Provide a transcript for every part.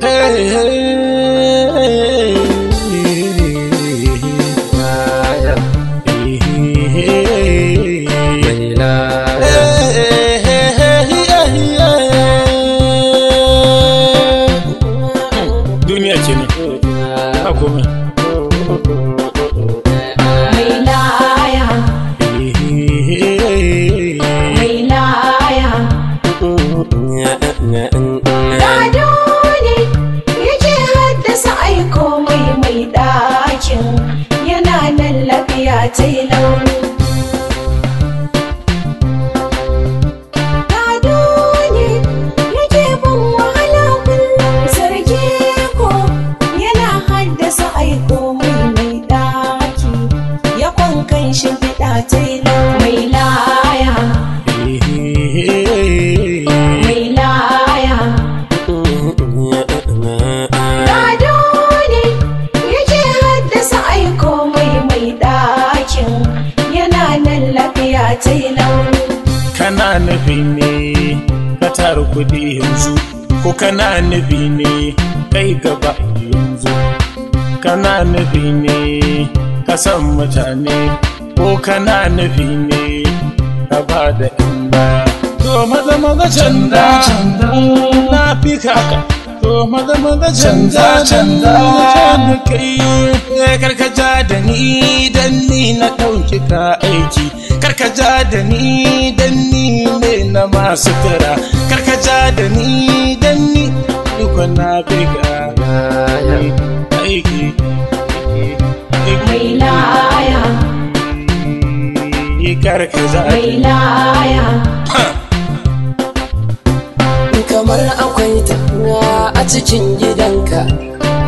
Hey, hey. kana nufi ne ka tara kudi yanzu ko kana nufi ne kai gaba yanzu kana nufi ne ka san mutane ko kana nufi ne ka ba da in ba to maza maza canza canza na fi haka to maza maza canza canza na kai ne eh, karkaja da ni dan ni na dauki ka aiki karka ja da ni dan ni ne na masu tara karka ja da ni dan ni duka na biga aiki mai laya karka ja mai laya kamar akwai tana a cikin gidanka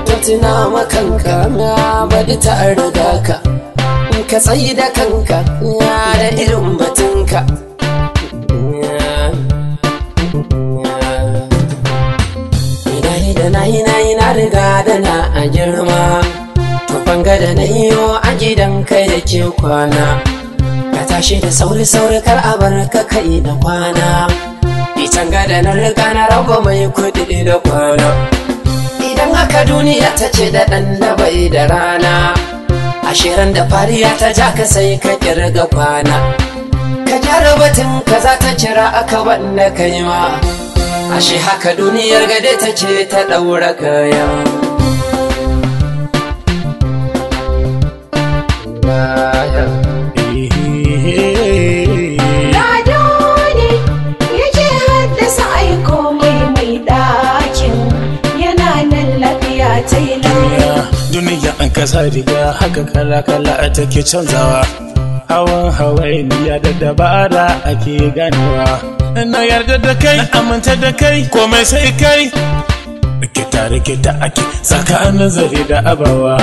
ta tuna makanka na baɗi ta riga ka ka tsayi da kanka na da irin batunka Idai da na yi na yi na riga da na a girma Tufanga da na yiwo a gidan kai da ke kwana Ka tashi da sauri-sauri kar a bar ka kai da kwana Itan gada na riga na rago mai kudi da kwana Idan haka duniya ta ce da ɗan da bai da rana ashirin da fariya ta ja ka sai ka kirga kwana ka gyara batun ka za ta cira aka wanda kai ma ashe haka duniyar gade ta ce ta ɗaura kaya kasa riga haka kala-kala take canzawa hawan biya da dabara ake ganewa na yarda da kai na aminta da kai komai sai kai ke tare ke ta ake tsakanin zare da abawa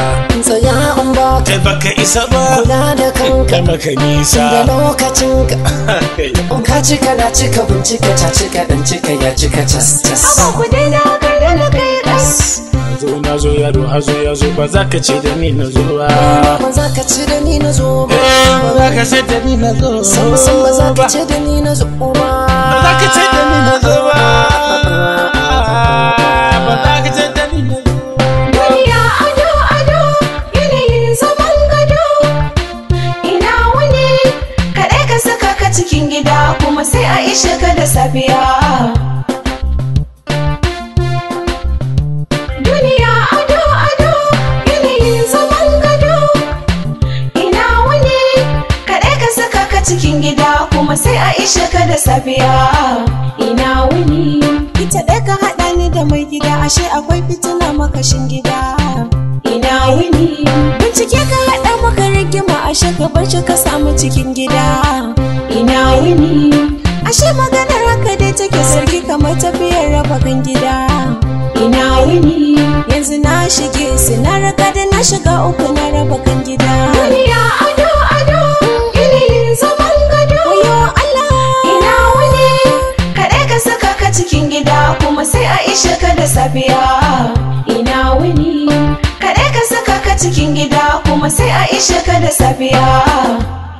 tsaya an ba kai baka isa ba kula da kanka maka nisa da lokacin ka ka cika na cika bincika ta cika dan cika ya cika cas cas aba ku daina kai da na zo yaro hazo ya zo ba za ka ce da ni na zo ba ba za ka ce da ni na zo ba eh, za ka ce da ni na zo ba za ka ce da ni na zo ba za ka ce da ni na zo ba duniya ado ado yanayin zaman gado ina wani kaɗai ka saka ka cikin gida kuma sai a ishe ka da safiya cikin gida kuma sai a ishe ka da safiya ina wuni ita ɗaya ka haɗa ni da mai gida ashe akwai fitina makashin gida ina wuni bincike ka haɗa maka rigima ashe ka bar shi ka samu cikin gida ina wuni ashe maganar haka dai take sarki kamar tafiyar raba kan gida ina wuni yanzu na shige su na raga da na shiga uku na raba kan gida da safiya ina wuni kaɗai ka saka ka cikin gida kuma sai a ishe ka da safiya